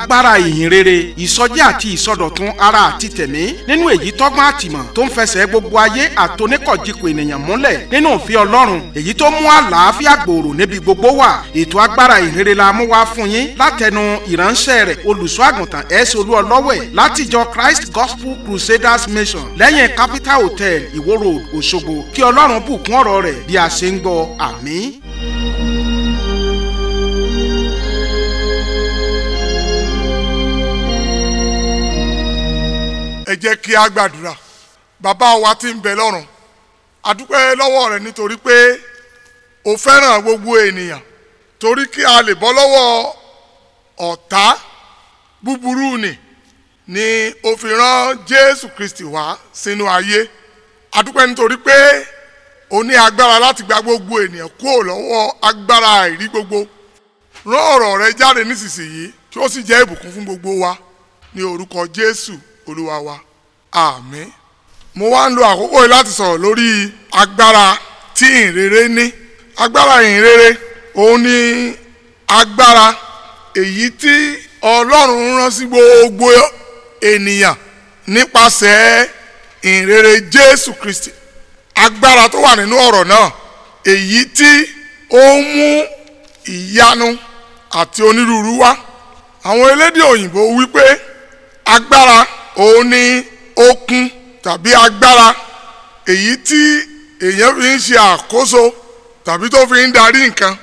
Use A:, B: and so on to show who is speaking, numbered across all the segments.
A: agbára ìhìn rere ìsọjí àti ìsọdọ̀tun ara àti tẹ̀mí nínú èyí tọ́gbọ́n àtìmọ̀ tó ń fẹsẹ̀ gbogbo ayé àtoníkọ̀jìkọ̀ ènìyàn múlẹ̀ nínú òfin ọlọ́run èyí tó mú àlàáfíà gbòòrò níbi gbogbo wà ètò agbára ìhìn la mú wá fún yín látẹnu ìránṣẹ́ rẹ̀ olùṣọ́ àgùntàn ẹ̀ẹ́sì ọlọ́wẹ̀ látijọ́ Christ Gospel Crusaders Mission lẹ́yìn Capital Hotel Ìwó Road Òṣogbo kí ọlọ́run bùkún ọ̀rọ̀ rẹ̀ bí a ṣe ń gbọ́ àmín
B: ẹ jẹ́ kí a gbàdúrà bàbá wa tí ń bẹ lọ́run a dúpẹ́ lọ́wọ́ rẹ nítorí pé o fẹ́ràn gbogbo ènìyàn torí kí a lè bọ́ lọ́wọ́ ọ̀tá búburú ni ni o fi rán Jésù Kristi wá sínú ayé a dúpẹ́ nítorí pé o ní agbára láti gba gbogbo ènìyàn kúrò lọ́wọ́ agbára àìrí gbogbo rán ọ̀rọ̀ rẹ jáde nísinsìnyí kí ó sì jẹ́ ìbùkún fún gbogbo wa ní orúkọ Jésù olúwa wa àmín mo wá ń lo àkókò yìí láti sọ̀rọ̀ lórí agbára tí ìhìnrere ní agbára ìhìnrere òun ni agbára èyí tí ọlọ́run rán sí gbogbo ènìyàn nípasẹ̀ ìhìnrere jésù kristi agbára tó wà nínú ọ̀rọ̀ náà èyí tí ó ń mú ìyanu àti onírúurú wá àwọn elédè òyìnbó wípé agbára òun ni okun tàbí agbára èyí tí èèyàn fi ń ṣe àkóso tàbí tó fi ń darí nǹkan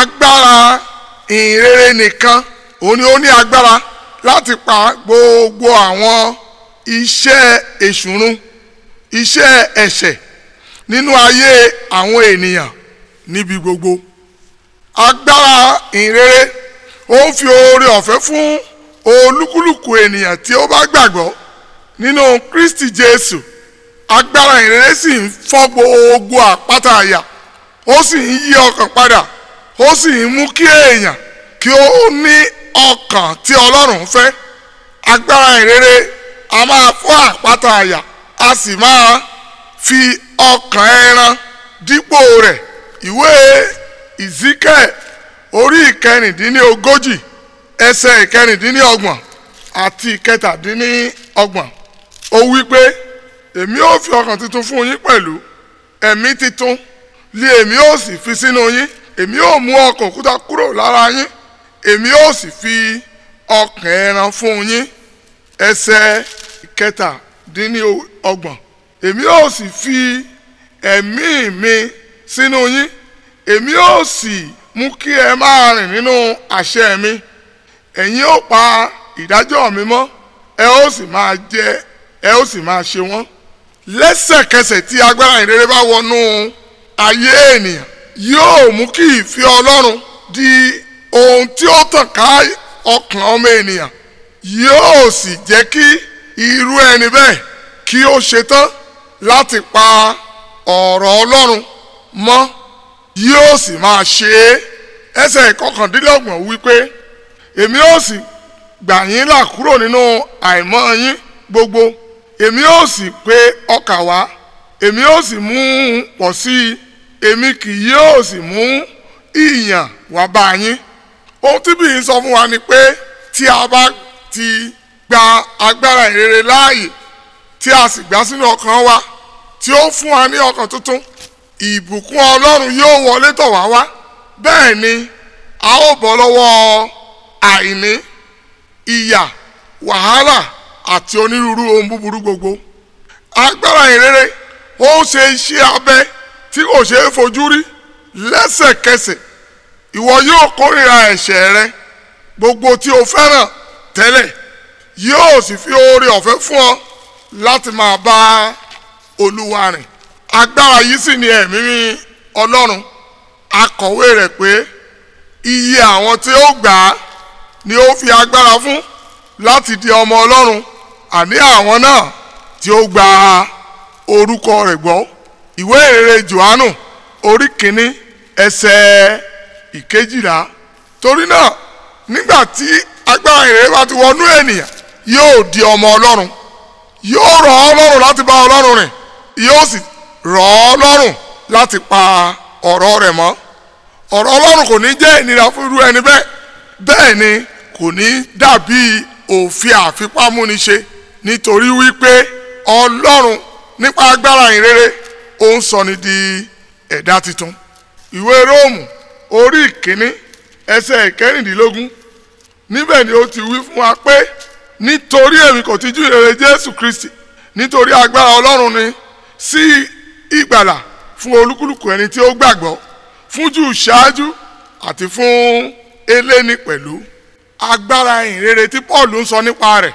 B: agbára ìhìnrere nìkan òun ni ó ní agbára láti pa gbogbo àwọn iṣẹ́ èṣùrun iṣẹ́ ẹ̀ṣẹ̀ nínú ayé àwọn ènìyàn níbi gbogbo agbára ìhìnrere ó ń fi oore ọ̀fẹ́ fún olúkúlùkù ènìyàn tí ó bá gbàgbọ́ nínú Kristi Jésù agbára ìrere sì ń fọ́ gbogbo àpáta àyà ó sì ń yí ọkàn padà ó sì ń mú kí èèyàn kí ó ní ọkàn tí Ọlọ́run fẹ́ agbára ìrere a máa fọ́ àpáta àyà a sì máa fi ọkàn ẹran dípò rẹ̀ ìwé ìzíkẹ́ orí ìkẹrìndínlógójì ẹsẹ̀ ìkẹrìndínlọ́gbọ̀n àti ìkẹtàdínlọ́gbọ̀n ó wí pé èmi ó fi ọkàn tuntun fún yín pẹ̀lú ẹ̀mí titun lé èmi ó sì fi sínú yín èmi ó mú ọkàn òkúta kúrò lára yín èmi ó sì fi ọkàn ẹran fún yín ẹsẹ̀ ìkẹtàdínlọ́gbọ̀n èmi ó sì fi ẹ̀mí mi sínú yín èmi ó sì mú kí ẹ máa rìn nínú àṣẹ mi ẹ̀yin ó pa ìdájọ́ mi mọ́ ẹ ó sì máa jẹ ẹ ó sì máa ṣe wọ́n lẹ́sẹ̀kẹsẹ̀ tí agbára ìrere bá wọnú ayé ènìyàn yóò mú kí ìfẹ́ ọlọ́run di ohun tí ó tàn ká ọkàn ọmọ ènìyàn yóò sì jẹ́ kí irú ẹni bẹ́ẹ̀ kí ó ṣetán láti pa ọ̀rọ̀ ọlọ́run mọ́ yóò sì máa ṣe é ẹsẹ̀ ìkọkàndínlọ́gbọ̀n wípé èmi ó sì gbà yín là kúrò nínú àìmọ́ yín gbogbo èmi ó sì pé ọkà wá èmi ó sì mú un pọ̀ sí i èmi kì yóò sì mú ìyàn wá bá yín ohun tí bíi sọ fún wa ni pé tí a bá ti gba agbára ìrere láàyè tí a sì gbà sínú ọkàn wa tí ó fún wa ní ọkàn tuntun ìbùkún ọlọ́run yóò wọlé tọ̀ wá wá bẹ́ẹ̀ ni a ó bọ́ lọ́wọ́ ọ àìní ìyà wàhálà àti onírúurú ohun búburú gbogbo agbára ìrere ó ń ṣe iṣẹ́ abẹ tí kò ṣeé fojú rí lẹ́sẹ̀kẹsẹ̀ ìwọ yóò kórìíra ẹ̀ṣẹ̀ rẹ gbogbo tí o fẹ́ràn tẹ́lẹ̀ yóò sì fi oore ọ̀fẹ́ fún ọ láti máa bá olúwa rìn agbára yìí sì ni ẹ̀mí ọlọ́run akọ̀wé rẹ̀ pé iye àwọn tí ó gbà á ni ó fi agbára fún láti di ọmọ ọlọ́run àní àwọn náà tí ó gba orúkọ rẹ̀ gbọ́ ìwé ìrere johannu orí kìíní ẹsẹ̀ ìkejìlá torí náà nígbà tí agbára ìrere bá ti wọnú ènìyàn yóò di ọmọ ọlọ́run yóò rọ̀ ọ́ lọ́rùn láti bá ọlọ́run rìn yóò sì rọ̀ ọ́ lọ́rùn láti pa ọ̀rọ̀ rẹ̀ mọ́ ọ̀rọ̀ ọlọ́run kò ní jẹ́ ìnira fún irú ẹni bẹ́ẹ̀ bẹ́ẹ̀ ni kò ní dàbí òfin àfipámúniṣe nítorí wípé ọlọ́run nípa agbára ìrere ó ń sọni di ẹ̀dá tuntun ìwé róòmù orí ìkíní ẹsẹ̀ ìkẹrìndínlógún níbẹ̀ ni ó ti wí fún wa pé nítorí èmi kò tijú ìrere jésù kristi nítorí agbára ọlọ́run ni sí ìgbàlà fún olúkúlùkù ẹni tí ó gbàgbọ́ fún jù ṣáájú àti fún eléni pẹ̀lú agbára ìhìnrere tí Paul ń sọ nípa rẹ̀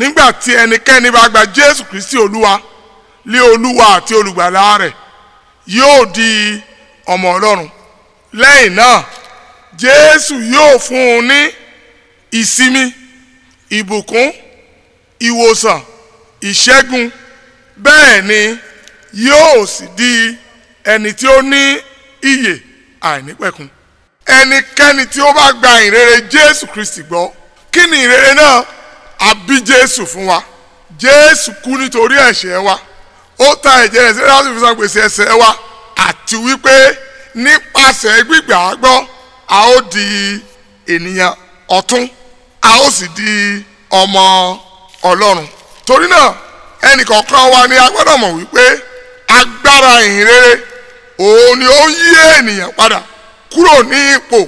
B: nígbà tí ẹnikẹ́ni bá gba Jésù Kristi Olúwa lé Olúwa àti olùgbàlà rẹ̀ yóò di ọmọ Ọlọ́run lẹ́yìn náà Jésù yóò fún un ní ìsinmi ìbùkún ìwòsàn ìṣẹ́gun bẹ́ẹ̀ ni yóò sì di ẹni tí ó ní iyè àìnípẹ̀kun. ẹnikẹ́ni tí ó bá gba ìrere jésù kristi gbọ́ kí ni ìrere náà àbí jésù fún wa jésù kú nítorí ẹ̀ṣẹ̀ wa ó ta ẹ̀jẹ̀ rẹ̀ sílẹ̀ láti fi wa àti wípé nípasẹ̀ gbígbà gbọ́ a ó di ènìyàn ọ̀tún a ó sì di ọmọ ọlọ́run torí náà ẹnìkọ̀ọ̀kan wa ni a gbọ́dọ̀ mọ̀ wípé agbára ìhìnrere ni ó ń yí ènìyàn kúrò ní ipò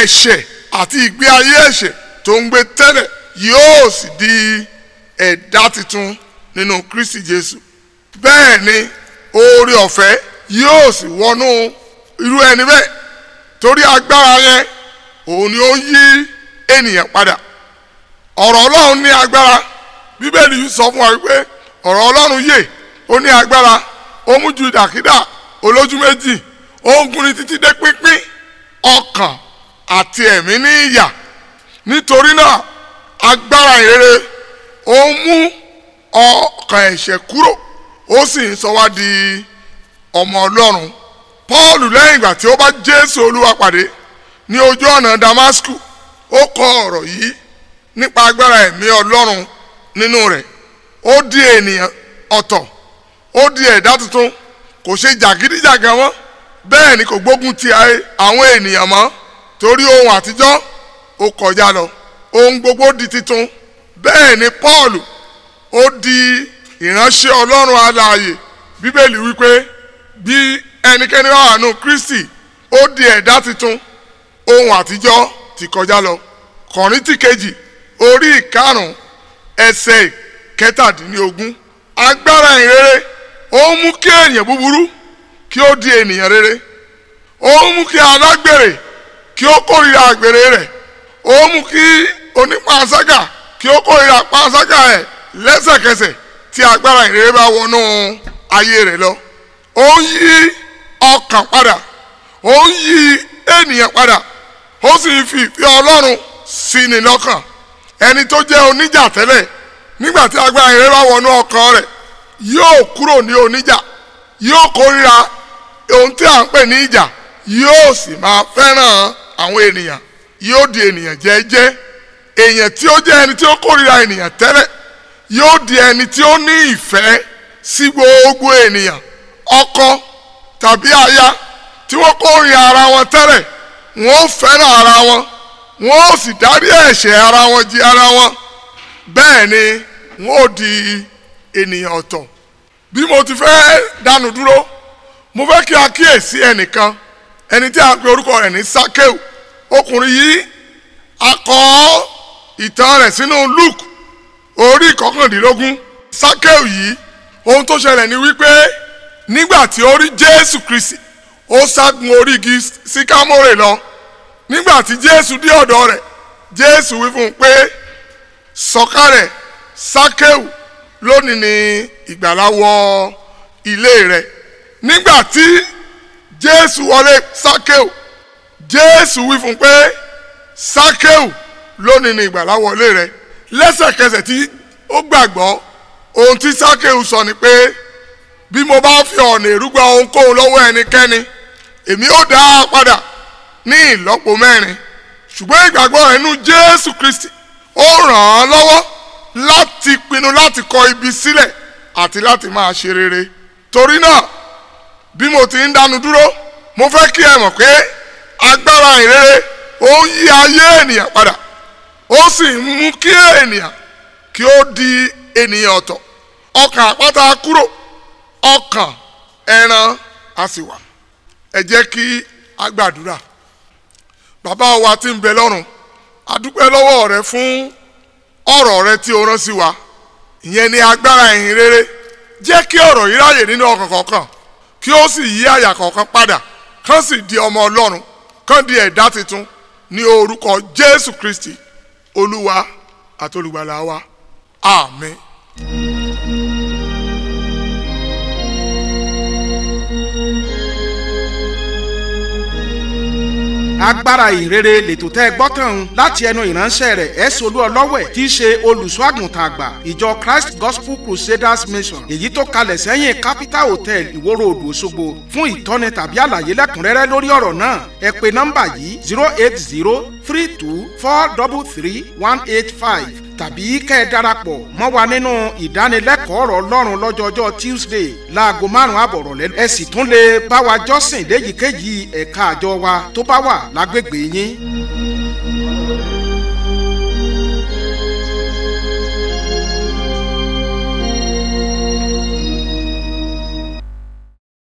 B: ẹ̀ṣẹ̀ àti ìgbé ayé ẹ̀ṣẹ̀ tó ń gbé tẹ́lẹ̀ yóò sì di ẹ̀dá tuntun nínú Kristi Jésù bẹ́ẹ̀ ni oore ọ̀fẹ́ yóò sì wọnú irú ẹni bẹ́ẹ̀ torí agbára yẹn òun ni ó ń yí ènìyàn padà ọ̀rọ̀ Ọlọ́run ní agbára bíbélì yìí sọ fún wa wípé ọ̀rọ̀ Ọlọ́run yè ó ní agbára ó mú ju ìdàkídà olójú méjì ogun titi títí dé pínpín ọkàn àti ẹ̀mí ní ìyà nítorí náà agbára ìrere ó ń mú ọkàn ẹ̀ṣẹ̀ kúrò ó sì ń sọ wá di ọmọ ọlọ́run Pọ́ọ̀lù lẹ́yìn ìgbà tí ó bá Jésù Olúwa pàdé ní ojú ọ̀nà Damasku ó kọ ọ̀rọ̀ yìí nípa agbára ẹ̀mí ọlọ́run nínú rẹ̀ ó di ènìyàn ọ̀tọ̀ ó di ẹ̀dá tuntun kò ṣe jàgídíjàgan mọ́ bẹ́ẹ̀ ni kò gbógun ti àwọn ènìyàn mọ́ torí ohun àtijọ́ ó kọjá lọ ohun gbogbo di titun bẹ́ẹ̀ ni Paul ó di ìránṣẹ́ Ọlọ́run alààyè bíbélì wípé bí ẹnikẹ́ni wà wànú Kristi ó di ẹ̀dá titun ohun àtijọ́ ti kọjá lọ Kọ́ríńtì kejì orí ìkarùn-ún ẹsẹ̀ kẹtàdínlógún agbára ìrere ó mú kí èèyàn búburú kí ó di ènìyàn rere ó ń mú kí alágbèrè kí ó kórìíra àgbèrè rẹ̀ ó ń mú kí onípàṣágà kí ó kórìíra pàṣágà ẹ̀ lẹ́sẹ̀kẹsẹ̀ tí agbára ìrere bá wọnú ayé rẹ̀ lọ ó ń yí ọkàn padà ó ń yí ènìyàn padà ó sì fi ìfẹ́ ọlọ́run sí ni lọ́kàn ẹni tó jẹ́ oníjà tẹ́lẹ̀ nígbà tí agbára ìrere bá wọnú ọkàn rẹ̀ yóò kúrò ní oníjà yóò kórìíra ohun tí à ń pè ní ìjà yóò sì máa fẹ́ràn àwọn ènìyàn yóò di ènìyàn jẹ́jẹ́ èèyàn tí ó jẹ́ ẹni tí ó kórìíra ènìyàn tẹ́lẹ̀ yóò di ẹni tí ó ní ìfẹ́ sí gbogbo ènìyàn ọkọ tàbí aya tí wọ́n kórìíra ara wọn tẹ́lẹ̀ wọ́n fẹ́ràn ara wọn wọ́n sì dárí ara wọn ara wọn bẹ́ẹ̀ ni wọ́n di ènìyàn ọ̀tọ̀ bí mo ti fẹ́ dánu dúró mo fẹ́ kí a kíyèsí ẹnìkan ẹni tí a pe orúkọ rẹ̀ ní sakeu ọkùnrin yìí akọ ìtàn rẹ̀ sínú luke orí kọkàndínlógún sakeu yìí ohun tó ṣẹlẹ̀ ni wípé nígbà tí ó rí jésù kristi ó ságun orí igi síkámórè lọ nígbà tí jésù dé ọ̀dọ̀ rẹ̀ jésù wí fún un pé sọ̀kalẹ̀ sakeu lónìí ni ìgbàlá ilé rẹ̀ nígbà tí jésù wọlé sákéù jésù wí fún pé sákéù lónìí ni ìgbàlá wọlé rẹ lẹ́sẹ̀kẹsẹ̀ tí ó gbàgbọ́ ohun tí sákéù sọ ni pé bí mo bá fi ọ̀nà èrúgba ohunkóhun lọ́wọ́ ẹnikẹ́ni èmi ó dá a padà ní ìlọ́po mẹ́rin ṣùgbọ́n ìgbàgbọ́ rẹ̀ jésù kristi ó ràn án lọ́wọ́ láti pinnu láti kọ ibi sílẹ̀ àti láti máa ṣe rere torí náà bí mo ti ń dánu dúró mo fẹ́ kí ẹ mọ̀ pé agbára ìrere ó ń yí ayé ènìyàn padà ó sì ń mú kí ènìyàn kí ó di ènìyàn ọ̀tọ̀ ọkàn àpáta kúrò ọkàn ẹran a sì wà ẹ jẹ́ kí a gbàdúrà bàbá wa tí ń bẹ lọ́run a dúpẹ́ lọ́wọ́ rẹ fún ọ̀rọ̀ rẹ tí o rán sí wa ìyẹn ni agbára ìhìn rere jẹ́ kí ọ̀rọ̀ yìí ráyè nínú ọkàn kọ̀ọ̀kan kí ó sì yí àyà kọ̀ọ̀kan padà kán sì di ọmọ ọlọ́run kán di ẹ̀dá tuntun ní orúkọ jésù kristi olúwa àtolùgbàlà wa àmín.
A: agbára ìrere lètò tẹ́ gbọ́tàn un láti ẹnu ìránṣẹ́ rẹ̀ ẹ̀sùn olú ọlọ́wẹ̀ tí í ṣe olùṣọ́ àgbà ìjọ Christ Gospel Crusaders Mission èyí tó kalẹ̀ sẹ́yìn Capital Hotel ìwòrò odò Òṣogbo fún ìtọ́ni tàbí àlàyé lẹ́kùnrẹ́rẹ́ lórí ọ̀rọ̀ náà ẹ pe nọ́mbà yìí zero eight zero three two four double three one eight five tàbí kẹ́ ẹ darapọ̀ mọ́ wa nínú ìdánilẹ́kọ̀ọ́ ọ̀rọ̀ ọlọ́run lọ́jọọjọ́ tuesday láago márùn-ún àbọ̀rọ̀lẹ́ ẹ sì tún lè bá wa jọ́sìn léyìíkéyìí ẹ̀ka àjọ wa tó bá wà lágbègbè yín.